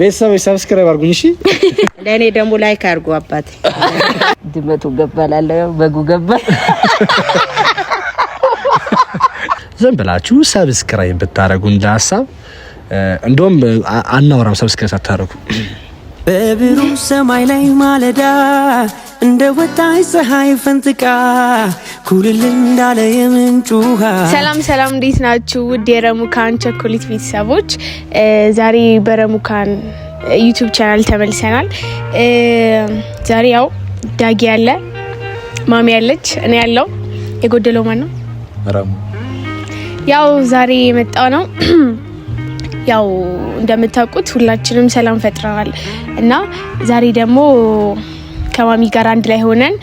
ቤተሰብ ሰብስክራይብ አድርጉኝ። እሺ ለእኔ ደግሞ ላይክ አርጉ። አባቴ ድመቱ ገባላለሁ፣ በጉ ገባ። ዝም ብላችሁ ሰብስክራይብ ብታረጉ እንደ ሀሳብ እንደውም አናወራም። ሰብስክራይብ ሳታደርጉ በብሩህ ሰማይ ላይ ማለዳ እንደ ወጣች ፀሐይ ፈንጥቃ ኩልል እንዳለ የምንጩ ውሃ። ሰላም ሰላም፣ እንዴት ናችሁ ውድ የረሙካን ቸኮሌት ቤተሰቦች? ዛሬ በረሙካን ዩቱብ ቻናል ተመልሰናል። ዛሬ ያው ዳጊ ያለ ማሚ ያለች እኔ ያለው የጎደለው ማን ነው? ያው ዛሬ የመጣው ነው ያው እንደምታውቁት ሁላችንም ሰላም ፈጥረናል እና ዛሬ ደግሞ ከማሚ ጋር አንድ ላይ ሆነን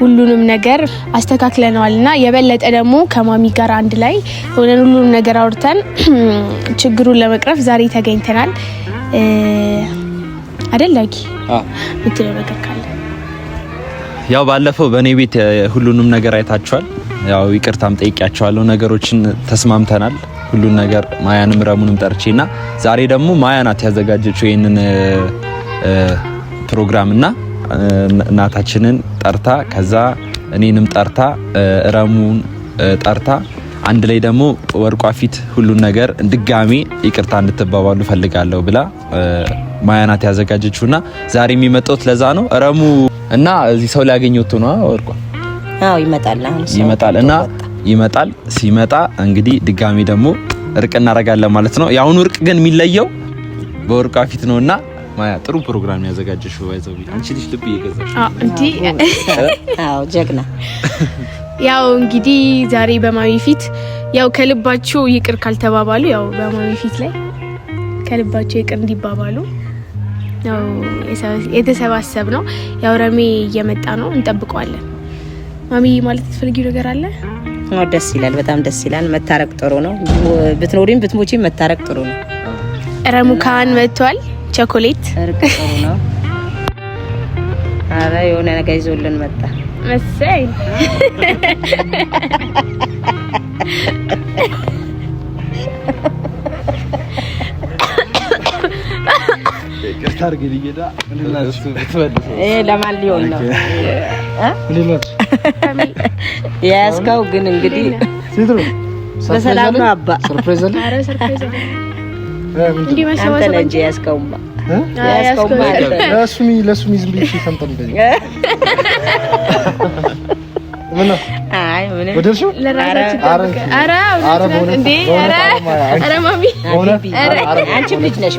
ሁሉንም ነገር አስተካክለነዋል እና የበለጠ ደግሞ ከማሚ ጋር አንድ ላይ ሆነን ሁሉንም ነገር አውርተን ችግሩን ለመቅረፍ ዛሬ ተገኝተናል። አደላጊ ምትለው ነገር ካለ ያው ባለፈው በእኔ ቤት ሁሉንም ነገር አይታችኋል። ያው ይቅርታም ጠይቂያቸዋለሁ። ነገሮችን ተስማምተናል። ሁሉን ነገር ማያንም ረሙንም ጠርቼና ዛሬ ደግሞ ማያ ናት ያዘጋጀችው ይህንን ፕሮግራም እና እናታችንን ጠርታ ከዛ እኔንም ጠርታ ረሙን ጠርታ አንድ ላይ ደግሞ ወርቋ ፊት ሁሉን ነገር ድጋሜ ይቅርታ እንድትባባሉ ፈልጋለሁ ብላ ማያ ናት ያዘጋጀችው እና ዛሬ የሚመጣውት ለዛ ነው። ረሙ እና እዚህ ሰው ሊያገኘው ነው ወርቋ ይመጣል ይመጣል እና ይመጣል። ሲመጣ እንግዲህ ድጋሚ ደግሞ እርቅ እናደርጋለን ማለት ነው። የአሁኑ እርቅ ግን የሚለየው በወርቋ ፊት ነው እና ማያ ጥሩ ፕሮግራም ያዘጋጀሽ ባይዘው አንቺ ልጅ ልብ እየገዛሽ ጀግና። ያው እንግዲህ ዛሬ በማሚ ፊት ያው ከልባቸው ይቅር ካልተባባሉ ያው በማሚ ፊት ላይ ከልባቸው ይቅር እንዲባባሉ ያው የተሰባሰብ ነው። ያው ረሜ እየመጣ ነው፣ እንጠብቀዋለን። ማሚ ማለት ትፈልጊው ነገር አለ? ነው። ደስ ይላል፣ በጣም ደስ ይላል። መታረቅ ጥሩ ነው። ብትኖሪም ብትሞቺም መታረቅ ጥሩ ነው። ረሙካን መጥቷል። ቸኮሌት እርቅ ጥሩ ነው። አረ የሆነ ነገር ይዞልን መጣ መሰይ ለማን ሊሆን ነው? የያዝከው ግን እንግዲህ በሰላም ነው አባ። ሰርፕራይዝ አለ። ልጅ ነሽ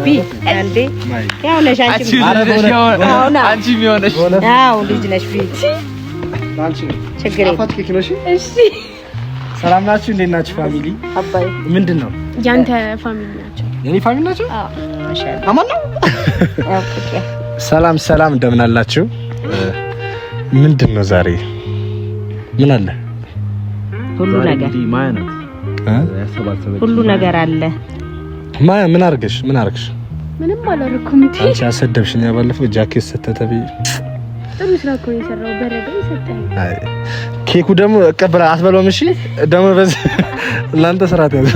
ቢ ሰላም ናችሁ? እንዴት ናችሁ? ፋሚሊ አባይ ምንድን ነው? ያንተ ፋሚሊ ናቸው? የኔ ፋሚሊ ናቸው። አማን ነው። ሰላም ሰላም፣ እንደምን አላችሁ? ምንድን ነው ዛሬ ምን አለ? ሁሉ ነገር ሁሉ ነገር አለ። ማያ ምን አርገሽ? ምን አርገሽ? ምንም አላደረኩም። አንቺ አሰደብሽኝ። ባለፈው ጃኬት ሰተተብኝ ጥሩ ስራ እኮ የሰራው። በረዶ ይሰጣል። ኬኩ ደግሞ እቀበላ አትበለውም። እሺ ደግሞ በዚ ለአንተ ስራ ተያዘ።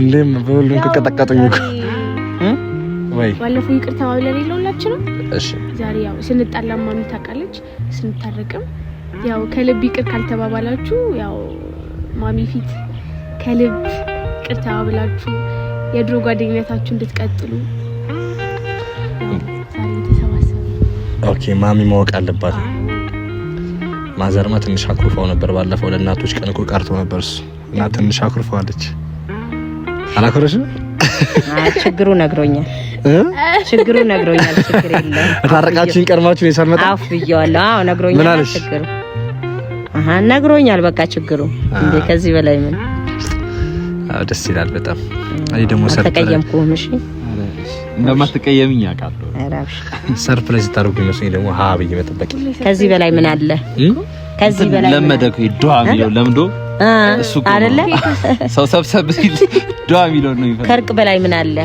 እንዴም በሁሉም ከቀጠቀጡኝ እኮ ወይ ባለፈው ይቅርታ ብለን የለውላችንም። እሺ ዛሬ ያው ማሚ የምታውቃለች፣ ስንታረቅም ያው ከልብ ይቅር ካልተባባላችሁ ያው ማሚ ፊት ከልብ ይቅርታ ብላችሁ የድሮ ጓደኝነታችሁ እንድትቀጥሉ ኦኬ ማሚ ማወቅ አለባት። ማዘርማ ትንሽ አኩርፈው ነበር። ባለፈው ለእናቶች ቀን እኮ ቀርቶ ነበር እሱ እና ትንሽ አኩርፈዋለች። አላኮረሽ ችግሩ ነግሮኛል። ችግሩ ነግሮኛል። ችግር የለም። ታረቃችሁኝ ቀድማችሁ ነው የሰልመጣ አፍ ብየዋለሁ። አዎ ነግሮኛል። ችግሩ አሃ ነግሮኛል። በቃ ችግሩ እንዴ ከዚህ በላይ ምን? ደስ ይላል በጣም። አይ ደሞ ሰልፈ ተቀየምኩ። እሺ እንደማትቀየምኝ አውቃለሁ። ሰርፕራይዝ ታደርጉኝ ደግሞ ሀ ብዬ መጠበቅ። ከዚህ በላይ ምን አለ? ከዚህ በላይ ለመደ እኮ የሚለው ለምዶ እሱ አይደለ ሰው ሰብሰብ ሲል የሚለው ነው ከእርቅ በላይ ምን አለ?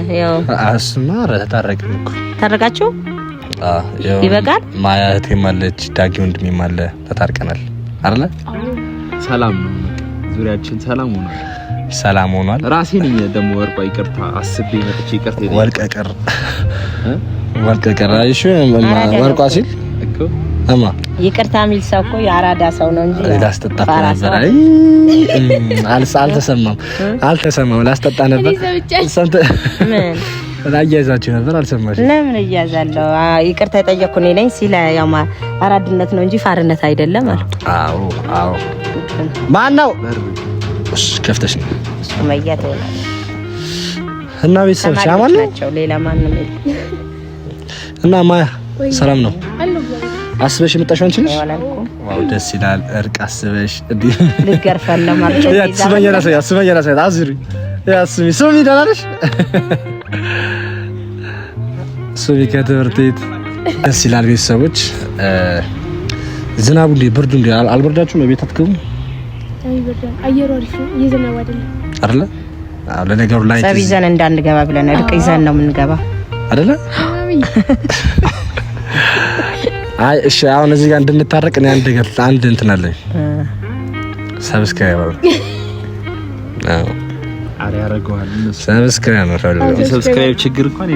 ታረቅን እኮ ታረቃችሁ። ይበቃል። ማያ እህቴም አለች ዳጊ ወንድሜም አለ። ተታርቀናል አይደለ? ሰላም ዙሪያችን ሰላም ሆኗል። ሰላም ሆኗል። ራሴ ነኝ ደግሞ ወርቋ ይቅርታ አስቤ መጥቼ ይቅርታ ወልቀቀር ወልቀቀር አይሹ ወርቋ ሲል እኮ እማ ይቅርታ የሚል ሰው እኮ የአራዳ ሰው ነው እንጂ ላስጠጣ ነበር። አይ አልተሰማም፣ አልተሰማም። ላስጠጣ ነበር ሰንተ ምን አያይዛችሁ ነበር። አልሰማሽም? ለምን እያያዛለሁ? ይቅርታ የጠየቅኩ እኔ ነኝ ሲል ያው አራድነት ነው እንጂ ፋርነት አይደለም አሉ። አዎ፣ አዎ። ማን ነው? እሺ፣ ከፍተሽ ነው ሱመያ ትሆናለች እና ቤተሰብ ሻማን ናቸው። ሌላ ማንም እና ማ ሰላም ነው አስበሽ የመጣሽ አንቺ ነሽ። ዋው ደስ ይላል። እርቅ አስበሽ እንዴ ለማለት ያ ከትምህርት ቤት ደስ ይላል። ቤተሰቦች ዝናቡ እንዴ ብርዱ እንዴ አልበርዳችሁም? ቤት አትገቡም? አየሩ አሪፍ ነው። የዝናቡ አይደለም አይደለ? አዎ። ለነገሩ ላይ ፀብ ይዘን እንዳንገባ ብለን እርቅ ይዘን ነው የምንገባ አይደለ? አይ እሺ፣ አሁን እዚህ ጋር እንድንታረቅ እኔ አንድ ነገር አንድ እንትን አለኝ። ሰብስክራይበር አዎ ሰብስክራይብ ችግር እንኳን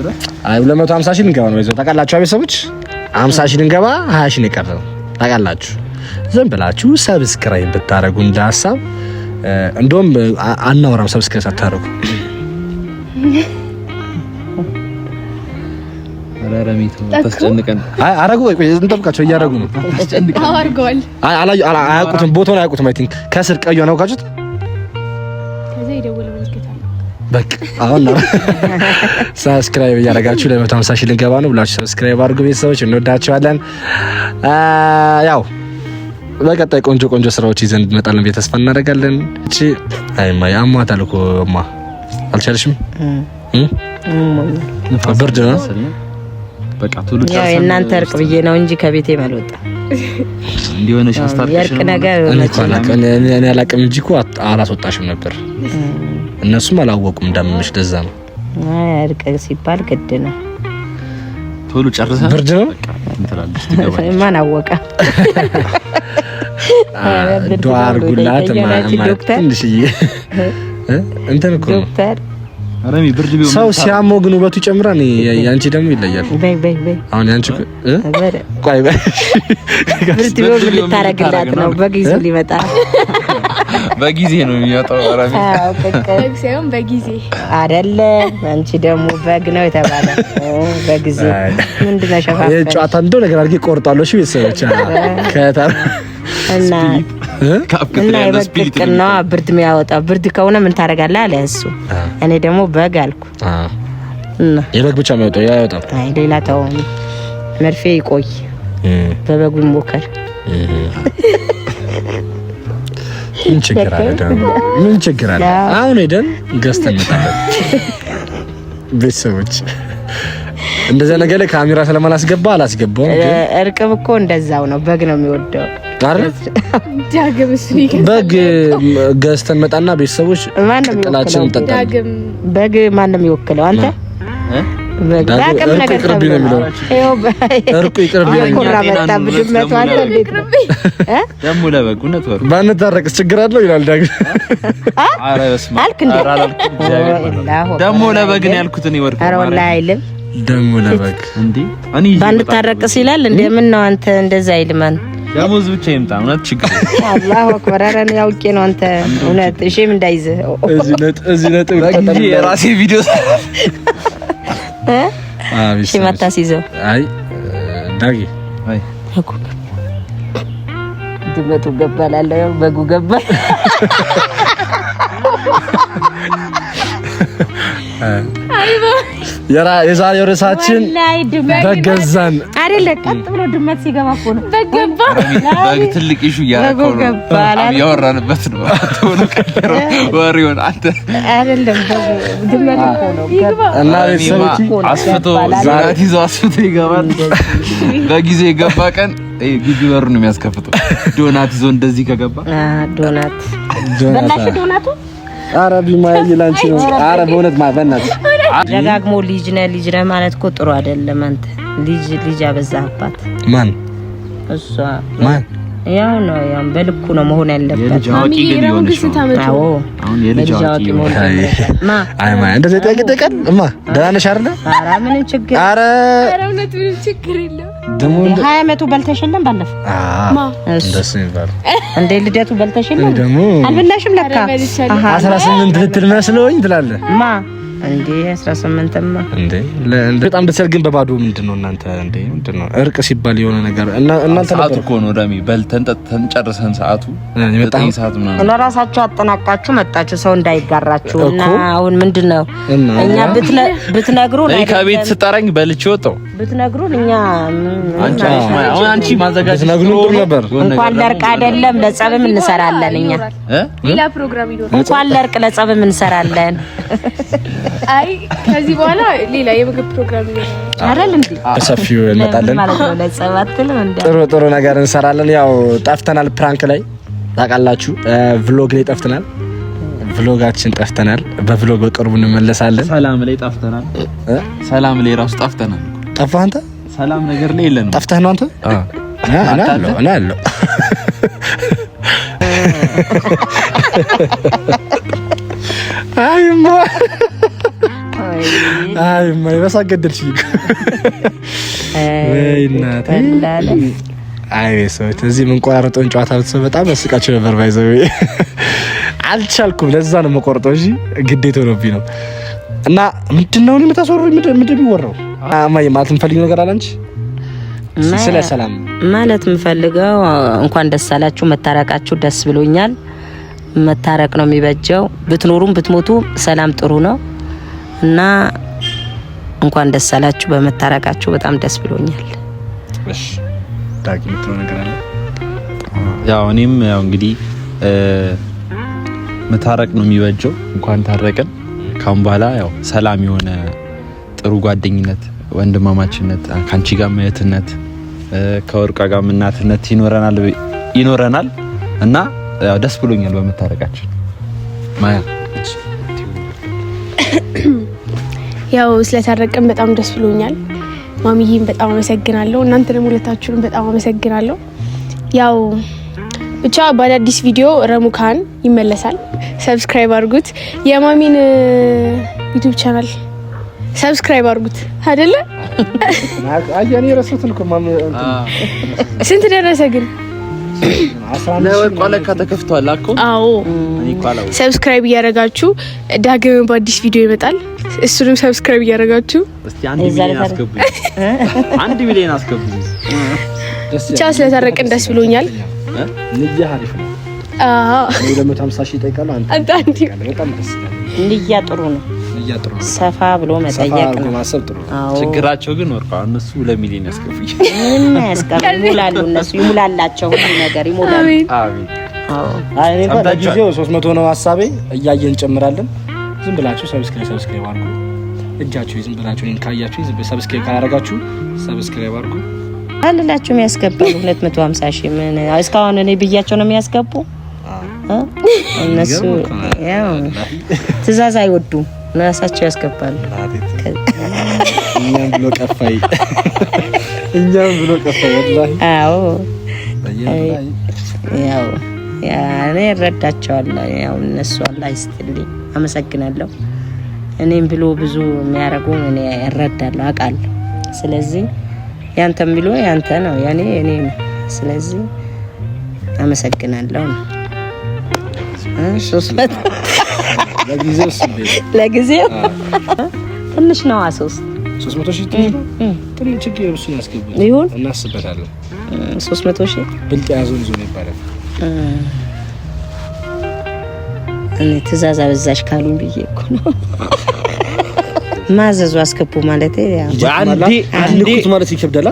ድረስ። አይ ሺህ ነው። ይዘው ሺህ ሺህ ሰብስክራይብ እንደ ሀሳብ እንደውም አናወራም። ሰብስክራይብ ሳታደርጉ አረጉ እንጠብቃቸው። እያረጉ ነው። አያውቁትም፣ ቦታውን አያውቁትም። አይ ቲንክ ከስር ቀዩ አናውቃችሁት። በቃ አሁን ሰብስክራይብ እያደረጋችሁ ለመቶ ሺህ ልንገባ ነው ብላችሁ ሰብስክራይብ አድርጉ ቤተሰቦች፣ እንወዳቸዋለን ያው በቀጣይ ቆንጆ ቆንጆ ስራዎች ይዘን እንመጣለን ብዬ ተስፋ እናደርጋለን። እቺ አይማ አሟታል እኮ እማ አልቻልሽም። ብርድ ነው በቃ ቶሎ የእናንተ እርቅ ብዬ ነው እንጂ ከቤቴ መልወጣ እንዲሆነሽ እኔ አላቅም እንጂ እኮ አላስወጣሽም ነበር። እነሱም አላወቁም እንዳመመሽ። ደዛ ነው እርቅ ሲባል ግድ ነው። ቶሎ ጨርሰን ብርድ ነው ማን አወቀ? ዱዓ አድርጉላት። ትንሽዬ እንትን እኮ ሰው ሲያመው ግን ውበቱ ይጨምራል። ያንቺ ደግሞ ይለያል። አሁን ያንቺ ቆይ በይ ልታረግላት ነው በጊዜው ሊመጣ በጊዜ ነው የሚመጣው። በግ ሳይሆን በጊዜ አይደለ? አንቺ ደግሞ በግ ነው የተባለ በጊዜ ምንድን ነው ሸፋፈን የጨዋታ እንደው ነገር አድርጌ ቆርጣለሁ። እሺ ቤተሰቦች ከታ እና እና ብርድ የሚያወጣ ብርድ ከሆነ ምን ታደርጋለህ አለ እሱ። እኔ ደግሞ በግ አልኩ። የበግ ብቻ የሚያወጣው ያወጣው። አይ ሌላ ተው፣ መርፌ ይቆይ፣ በበጉ ይሞከር። ምን ችግር አለ ደግሞ? ምን ችግር አለ? አሁን ሄደን ገዝተን እንመጣለን። ቤተሰቦች እንደዛ ነገር ላይ ካሜራ ስለማላስገባ አላስገባውም። እርቅም እኮ እንደዛው ነው። በግ ነው የሚወደው በግ ገዝተን መጣና ቤተሰቦች ጥላችን እንጠጣለን። በግ ማን ነው የሚወክለው አንተ በአቅም ችግር አለው ይላል ዳግም። አልክ ደግሞ ለበግ ነው ያልኩት እኔ ወርቅ አይልም። ደግሞ ለበግ እንደ ባንታረቅስ ይላል። እንደምን ነው አንተ እንደዛ አይልማን ደሞዝ ብቻ ይምጣ። እውነት ችግር አላሁ አክበር። ኧረ እኔ አውቄ ነው አንተ እውነት እሺም እንዳይዝህ እዚህ ነጥብ የራሴ ቪዲዮ እሺ ማታስይዘው አይ ዳጊ አይ ድመቱ ገባ እላለሁ፣ ያው በጉ ገባ። አይ የዛሬው ርዕሳችን በገዛን ገዛን አይደለ? ቀጥ ብሎ ድመት ሲገባ እኮ ነው በግ በግ ትልቅ ኢሹ ያወራንበት ነው። እና አስፍቶ ዛሬ ይዞ አስፍቶ ይገባል። በጊዜ የገባ ቀን ግቢ በሩ ነው የሚያስከፍተው። ዶናት ይዞ እንደዚህ ከገባ ዶናት ዶናት ዶናቱ አረብ ማይላንቺ ነው። አረብ በእውነት ማበናት ደጋግሞ ልጅ ነህ ልጅ ነህ ማለት እኮ ጥሩ አይደለም። አንተ ልጅ ልጅ አበዛህባት። ማን እሷ ማን? ያው ነው ያው በልኩ ነው መሆን ያለበት። ማሚ አሁን የልጅ ማ አይ ማ እንደዚህ ጠቅጥቀን እማ አይደለ? ችግር ችግር አመቱ በልተሽ ባለፈው ይባል ልደቱ በልተሽ የለም አልበላሽም ለካ አስራ ስምንት ልትል መስሎኝ ትላለህ ማ እንዴ 18ማ እንዴ በጣም ደስ ግን በባዶ ምንድነው እናንተ? እንዴ ምንድነው እርቅ ሲባል የሆነ ነገር እና እናንተ ሰዓት እኮ ነው ዳሚ በልተን ጠጥተን ጨርሰን ሰዓቱ ዘጠኝ ሰዓት ምናምን ለራሳችሁ አጠናቃችሁ መጣችሁ ሰው እንዳይጋራችሁ እና አሁን ምንድነው እኛ ብትነግሩ ከቤት ስጠረኝ በልቼ ወጣሁ ብትነግሩን እኛ አንቺ ማዘጋጀት ብትነግሩን ጥሩ ነበር። እንኳን አይደለም ለጸብም እንሰራለን። እኛ ሌላ ፕሮግራም እንኳን ለጸብም እንሰራለን። አይ ከዚህ በኋላ ሌላ የምግብ ፕሮግራም አይደል? በሰፊው እንመጣለን ጥሩ ጥሩ ነገር እንሰራለን። ያው ጠፍተናል፣ ፕራንክ ላይ ታውቃላችሁ፣ ቭሎግ ላይ ጠፍተናል። ቭሎጋችን ጠፍተናል። በቭሎግ በቅርቡ እንመለሳለን። ሰላም ላይ ጠፍተናል። ሰላም ላይ ራሱ ጠፍተናል። ጠፋህ አንተ? ሰላም ነገር ላይ የለንም። ጠፍተህ ነው አንተ? እና አለው እና አለው አይማ አይማ ይበሳ ገደልሽኝ። ወይ እናቴ አይ ሰዎች እዚህ የምንቆራረጠውን ጨዋታ ብትሰው በጣም ያስቃቸው ነበር። ባይዘው አልቻልኩም። ለዛ ነው መቆርጠው። እሺ ግዴታ ሆኖብኝ ነው። እና ምንድነው የምታስወሩኝ? ምንድን ነው የሚወራው? እማዬ ማለት የምፈልጊው ነገር አለ አንቺ ስለ ሰላም ማለት የምፈልገው እንኳን ደስ አላችሁ፣ መታረቃችሁ ደስ ብሎኛል። መታረቅ ነው የሚበጀው። ብትኖሩም ብትሞቱ ሰላም ጥሩ ነው እና እንኳን ደስ አላችሁ በመታረቃችሁ በጣም ደስ ብሎኛል። እሺ ያው እኔም ያው እንግዲህ መታረቅ ነው የሚበጀው። እንኳን ታረቅን። ካሁን በኋላ ያው ሰላም የሆነ ጥሩ ጓደኝነት ወንድማማችነት ከአንቺ ጋር እህትነት ከወርቃ ጋር እናትነት ይኖረናል ይኖረናል እና ደስ ብሎኛል በመታረቃችን። ማያ ያው ስለታረቅን በጣም ደስ ብሎኛል። ማሚዬም በጣም አመሰግናለሁ። እናንተንም ሁለታችሁንም በጣም አመሰግናለሁ። ያው ብቻ በአዳዲስ ቪዲዮ ረሙካን ይመለሳል። ሰብስክራይብ አድርጉት የማሚን ዩቲዩብ ቻናል ሰብስክራይብ አድርጉት አይደለ? አያኔ ረሱትን ስንት ደረሰ ግን? ለወቋለካ ተከፍቷል አኮ። አዎ። ሰብስክራይብ እያደረጋችሁ ዳግም በአዲስ ቪዲዮ ይመጣል። እሱንም ሰብስክራይብ እያደረጋችሁ አንድ ሚሊዮን አስገቡ። አንድ ብቻ ስለታረቅን ደስ ብሎኛል። አሪፍ አዎ፣ ሺህ አንተ አንተ ጥሩ ነው። ሰፋ ብሎ መጠየቅ ነው ማሰብ ጥሩ ነው። ችግራቸው ግን ወርቃ እነሱ ለሚሊዮን ያስከፍል ምንም እነሱ ይሙላላቸው ሁሉ ነገር ይሞላሉ። አሜን። አይ እኔ 300 ነው ሀሳቤ። እያየን እንጨምራለን። ዝም ብላችሁ ሰብስክራይብ ሰብስክራይብ አድርጉ። እጃችሁ ዝም ብላችሁ ካያችሁ ዝም ሰብስክራይብ ካላረጋችሁ ሰብስክራይብ አድርጉ። አልላችሁ የሚያስገባ 250 ሺህ ምን እስካሁን እኔ ብያቸው ነው የሚያስገቡ እነሱ ያው ትእዛዝ አይወዱም። ራሳቸው ያስገባል። እኛም ብሎ ቀፋይ፣ እኛም ብሎ ቀፋይ። አዎ ያው እኔ እረዳቸዋለሁ። ያው እነሱ አላህ ይስጥልኝ፣ አመሰግናለሁ። እኔም ብሎ ብዙ የሚያደርጉ እኔ እረዳለሁ፣ አውቃለሁ። ስለዚህ ያንተም ብሎ ያንተ ነው ያኔ እኔ ነው። ስለዚህ አመሰግናለሁ ነው ሶስት መቶ ለጊዜው ትንሽ ነዋ። ሶስት ሶስት መቶ ሺህ ትንሽ ነው። ትንሽ እሱን ያስገቡት ይሁን እናስበታለን። ሶስት መቶ ሺህ ብልጥ ያዞን ዞን ይባላል። እኔ ትእዛዝ አበዛሽ ካሉን ብዬ እኮ ነው ማዘዙ አስገቡ ማለት አንዴ ማለት ይከብዳል።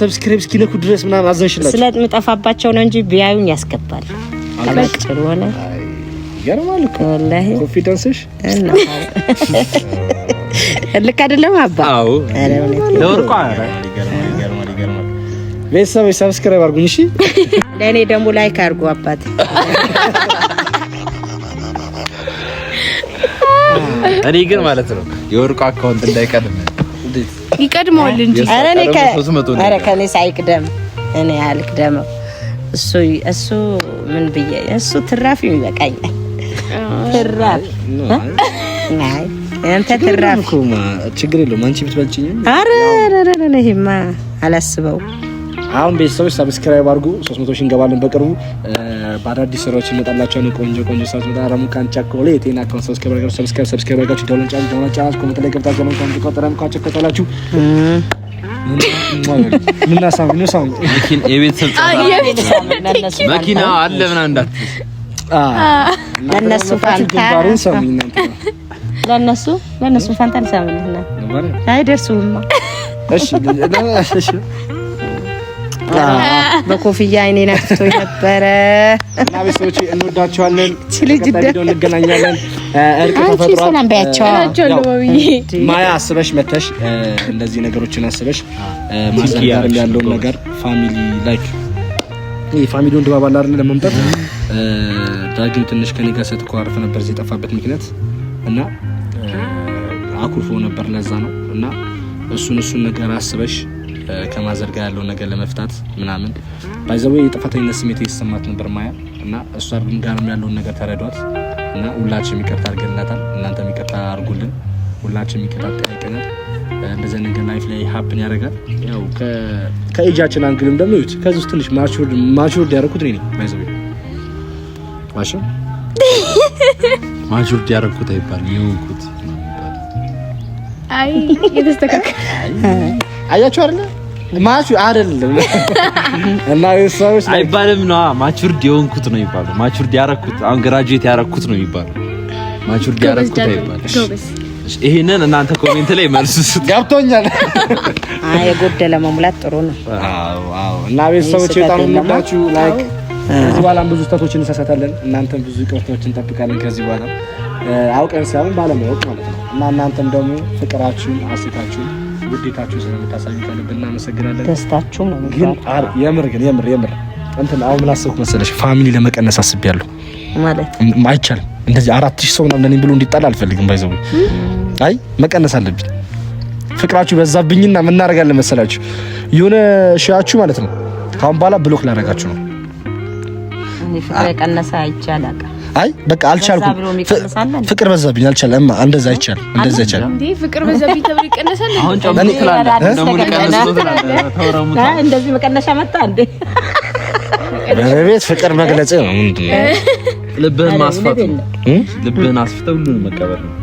ሰብስክራይብ እስኪልኩ ድረስ ምናምን አዘንሽላቸው ስለምጠፋባቸው ነው እንጂ ቢያዩኝ ያስገባል። ሆነ ይገርማል እኮ ወላሂ ኮንፊደንስሽ ልክ አይደለም አባ። አዎ ለወርቋ ቤተሰብ ሰብስክራይብ አድርጉኝ። እሺ ለእኔ ደግሞ ላይክ አድርጉ አባት። እኔ ግን ማለት ነው የወርቁ አካውንት እንዳይቀድም ይቀድመዋል እንጂ ከ ኧረ ከእኔ ሳይቅደም እኔ አልቅደመው። እሱ እሱ ምን ብዬ እሱ ትራፊ ይበቃኛል። ትራብ አንተ ትራብ ችግር የለውም። አንቺ ብትበልጭኝ። አረ አረ ይሄማ አላስበው። አሁን ቤተሰቦች ሰብስክራይብ አድርጉ። 300 ሺህ እንገባለን በቅርቡ። በአዳዲስ ስራዎች እንመጣላቸው ነው። ቆንጆ ቆንጆ ስራዎች መጣ። ደግሞ ካንቻ ኮሌ የጤና አካውንት ሰብስክራይብ ሰብስክራይብ ሰብስክራይብ አድርጋችሁ ደውለን ጫን ደውለን ጫን ኮሜንት ላይ ገብታችሁ ደውለን ጫን ቆጠረን ቋጭ ቆጠላችሁ ምናሳም ነው ሳም የቤተሰብ መኪና አለ ምናምን እንዳትል ለነሱ ah. ፋንታ ለነሱ ለነሱ ፋንታ እንሰማለን። አይደርሱማ። እሺ በኮፍያ አይኔን አክፍቶ ነበረ እና ቤተሰቦች እንወዳቸዋለን። እንገናኛለን። እርቅ ተፈጥሯል። ማያ አስበሽ መተሽ እንደዚህ ነገሮችን አስበሽ ማስቀየር ያለውን ነገር ፋሚሊ ላይክ ይሄ ፋሚሊውን ድባብ አለ አይደል ለመምጣት ዳግም ትንሽ ከኔ ጋር ስትኳርፍ ነበር እዚህ የጠፋበት ምክንያት እና አኩርፎ ነበር። ለዛ ነው እና እሱን እሱን ነገር አስበሽ ከማዘርጋ ያለው ነገር ለመፍታት ምናምን ባይዘዌ የጥፋተኝነት ስሜት የተሰማት ነበር ማያ እና እሷ አድርግን ጋር ያለውን ነገር ተረዷት እና ሁላችን የሚቀርታ አድርገናታል። እናንተ የሚቀርታ አድርጉልን። ሁላችን የሚቀርታ ጠያቅናል። እንደዚህ ነገር ላይፍ ላይ ሀፕን ያደርጋል። ያው ከኤጃችን አንግልም ደግሞ ይሁት ከዚህ ውስጥ ትንሽ ማቹርድ ያደረኩት እኔ ነኝ ባይዘዌ ማሽን ማሹር ያደረኩት አይባልም የሆንኩት አይ የተስተካከለ አያችሁ አይደለ ማቹ አይደለም እና ሰዎች አይባልም ነው ማቹርድ የሆንኩት ነው የሚባለው። ማቹርድ ያረኩት አሁን ግራጁዌት ያረኩት ነው የሚባለው። ማቹርድ ያረኩት አይባልም። ይሄንን እናንተ ኮሜንት ላይ መልስ ስጥ። ገብቶኛል። አይ የጎደለ መሙላት ጥሩ ነው። አዎ አዎ። እና ቤተሰቦች በጣም እንወዳችሁ ላይክ ከዚህ በኋላም ብዙ ስህተቶችን እንሰሰታለን። እናንተም ብዙ ይቅርታዎችን እንጠብቃለን። ከዚህ በኋላ አውቀን ሳይሆን ባለማወቅ ማለት ነው እና እናንተም ደግሞ ፍቅራችሁን፣ አሴታችሁን፣ ውዴታችሁን ስለምታሳዩ ከልብ እናመሰግናለን። ግን የምር ግን የምር የምር እንትን አሁን ምን አሰብኩ መሰለሽ ፋሚሊ ለመቀነስ አስቤያለሁ። ማለት አይቻልም። እንደዚህ አራት ሺህ ሰው ምናምን ብሎ እንዲጣል አልፈልግም። ባይዘው አይ መቀነስ አለብኝ። ፍቅራችሁ በዛብኝና ምን እናደርጋለን መሰላችሁ የሆነ ሻያችሁ ማለት ነው ካሁን በኋላ ብሎክ ላደርጋችሁ ነው የቀነሰ አይቻልም። አይ በቃ አልቻልኩም። ፍቅር በዛብኝ አልቻለም። እንደዛ አይቻልም። እንደዛ አይቻልም። ፍቅር በዛብኝ ተብሎ ይቀነሳል። እንደዚህ መቀነሻ መጣ እንዴ? በቤት ፍቅር መግለጽ ነው። ልብህን ማስፋት ነው። ልብህን አስፍተህ ሁሉንም መቀበል ነው።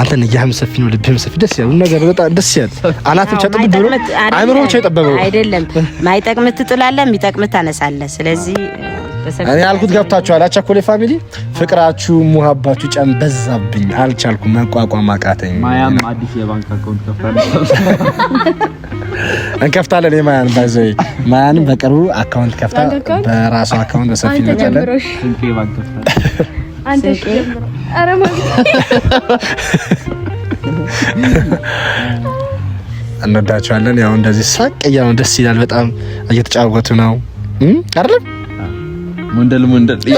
አንተን እያህም ሰፊ ነው፣ ልብህም ሰፊ ደስ ያለው ነገር በጣም ደስ ያለ አናት ብቻ ጥብ አይምሮ ብቻ የጠበበው አይደለም። ማይጠቅምት ትጥላለህ፣ የሚጠቅምት ታነሳለህ። ስለዚህ እኔ አልኩት ገብታችኋል። አቻኮሌ ፋሚሊ ፍቅራችሁ ሙሀባችሁ ጨም በዛብኝ፣ አልቻልኩ መቋቋም አቃተኝ። ማያም አዲስ የባንክ አካውንት እንከፍታለን። የማያን ባይዘ ማያን በቅርቡ አካውንት ከፍታ በራሱ አካውንት በሰፊ ይወጣለን። እንወዳችኋለን። ያው እንደዚህ ሳቅ እያሉ ደስ ይላል። በጣም እየተጫወቱ ነው አይደለም መንደል መንደል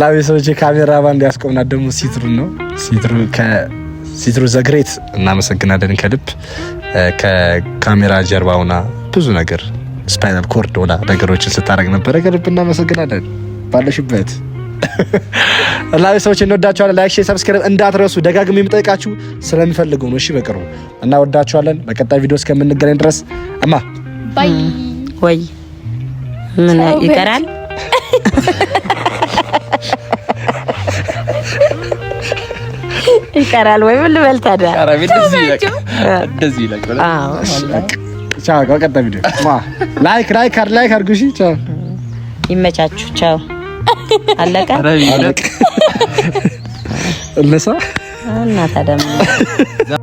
ላቤ ሰዎች ካሜራ ባንድ ያስቆምና ደግሞ ሲትሩ ነው። ሲትሩ ሲትሩ ዘግሬት እናመሰግናለን ከልብ ከካሜራ ጀርባውና ብዙ ነገር ስፓይናል ኮርድ ሆና ነገሮችን ስታደርግ ነበረ። ከልብ እናመሰግናለን ባለሽበት ላዊ ሰዎች እንወዳችኋለን። ላይክ፣ ሼር፣ ሰብስክራይብ እንዳትረሱ። ደጋግሞ የምጠይቃችሁ ስለሚፈልጉ ነው። እሺ በቅርቡ እናወዳችኋለን። በቀጣይ ቪዲዮ እስከምንገናኝ ድረስ እማ ወይ ምን ይቀራል? ይቀራል ወይ ምን ልበል ታዲያ? እንደዚህ ቻው፣ ቪዲዮ ላይክ ላይክ ላይክ አድርጉ። እሺ፣ ቻው፣ ይመቻችሁ። ቻው፣ አለቀ አለቀ። እነሳ እና ታዲያ